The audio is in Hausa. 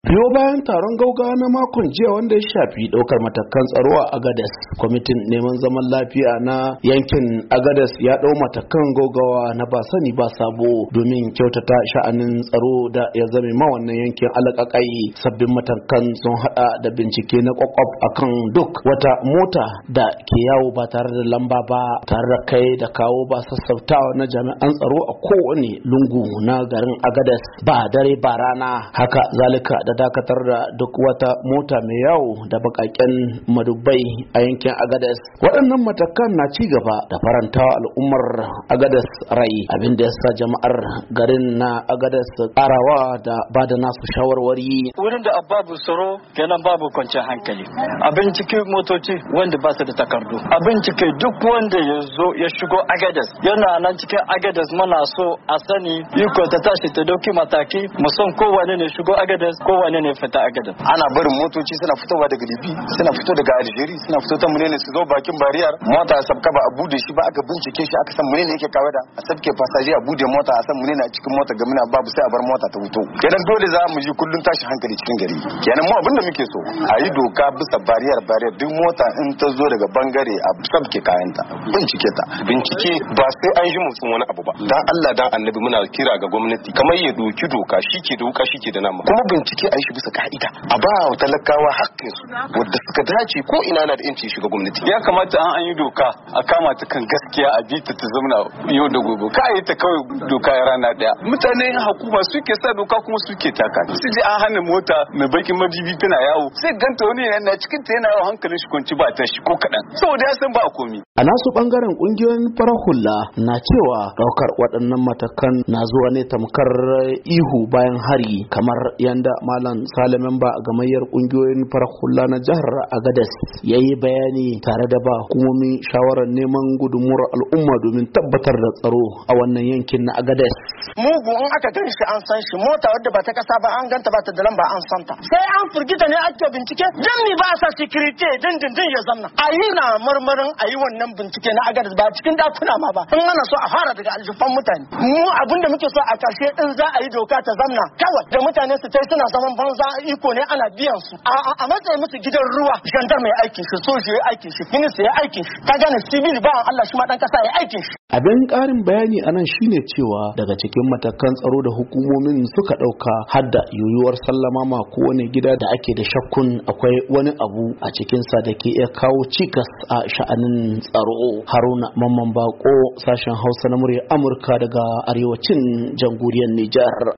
biyo bayan taron gaugawa na makon jiya wanda ya shafi daukar matakan tsaro a agades kwamitin neman zaman lafiya na yankin agades ya ɗau matakan gaugawa na ba sani ba sabo domin kyautata sha'anin tsaro da ya zame ma wannan yankin alakakai sabbin matakan sun hada da bincike na kwakwaf akan duk wata mota da ke yawo ba tare da lamba ba tare da kai da kawo ba sassautawa na jami'an tsaro a kowane lungu na garin agades ba dare ba rana haka zalika ta dakatar da duk wata mota mai yawo da bakaken madubai a yankin agadas waɗannan matakan na ci gaba da farantawa al'ummar agadas rai abinda ya sa jama'ar garin na agadas karawa da ba da nasu shawarwari wurin da ababu tsaro kenan babu kwanciyar hankali abin cike motoci wanda ba su da takardu abin cike duk wanda ya zo ya shigo agadas yana nan cikin agadas muna so a sani iko ta tashi ta dauki mataki mu son kowane ne shigo agadas ko kowane ne fita a gadan ana barin motoci suna fitowa daga libi suna fito daga aljeri suna fito ta munene su zo bakin bariyar mota a sabka ba a bude shi ba aka bincike shi aka san munene yake kawo da a sabke fasaje a bude mota a san munene a cikin mota ga muna babu sai a bar mota ta wuto kenan dole za mu yi kullun tashi hankali cikin gari kenan mu abin da muke so a yi doka bisa bariyar bariyar duk mota in ta zo daga bangare a sabke kayanta bincike ta bincike ba sai an yi musu wani abu ba dan Allah dan annabi muna kira ga gwamnati kamar ya doki doka shi ke doka shi ke da nama kuma bincike a yi shi bisa ka'ida a ba wa talakawa haƙƙin su wadda suka dace ko ina na da yanci shiga gwamnati ya kamata an an yi doka a kama ta kan gaskiya a bita ta zamana yau da gobe ka yi ta kawai doka ya rana daya mutane hukuma suke sa doka kuma suke taka su ji an hana mota mai bakin mabibi tana yawo sai ganta wani yana cikin ta yana yawo hankalin shi kwanci ba ta shi ko kaɗan saboda ya san ba a komi a nasu bangaren kungiyoyin farar hula na cewa daukar waɗannan matakan na zuwa ne tamkar ihu bayan hari kamar yanda malam malam salamin ba a gamayyar kungiyoyin farar hula na jihar agadas ya yi bayani tare da ba hukumomi shawarar neman gudunmuwar al'umma domin tabbatar da tsaro a wannan yankin na agadas mugu in aka gan shi an san shi mota wadda ba ta kasa ba an ganta ba ta da lamba an santa sai an firgita ne ake bincike ni ba sa security din din din ya zanna a yi na marmarin a yi wannan bincike na agadas ba cikin dakuna ma ba in ana so a fara daga aljufan mutane mu abinda muke so a karshe in za a yi doka ta zamna kawai da mutane su tai suna zama aikin banza iko ne ana biyan su a matsayi musu gidan ruwa gandar mai aikin shi soja ya aikin shi minista ya aikin shi ka gane civil ba Allah shi ma dan kasa ya aikin shi abin karin bayani anan shine cewa daga cikin matakan tsaro da hukumomin suka dauka hadda yiwuwar sallama ma kowane gida da ake da shakkun akwai wani abu a cikin sa da ke kawo cikas a sha'anin tsaro haruna mamman bako sashen hausa na murya amurka daga arewacin jamhuriyar nijar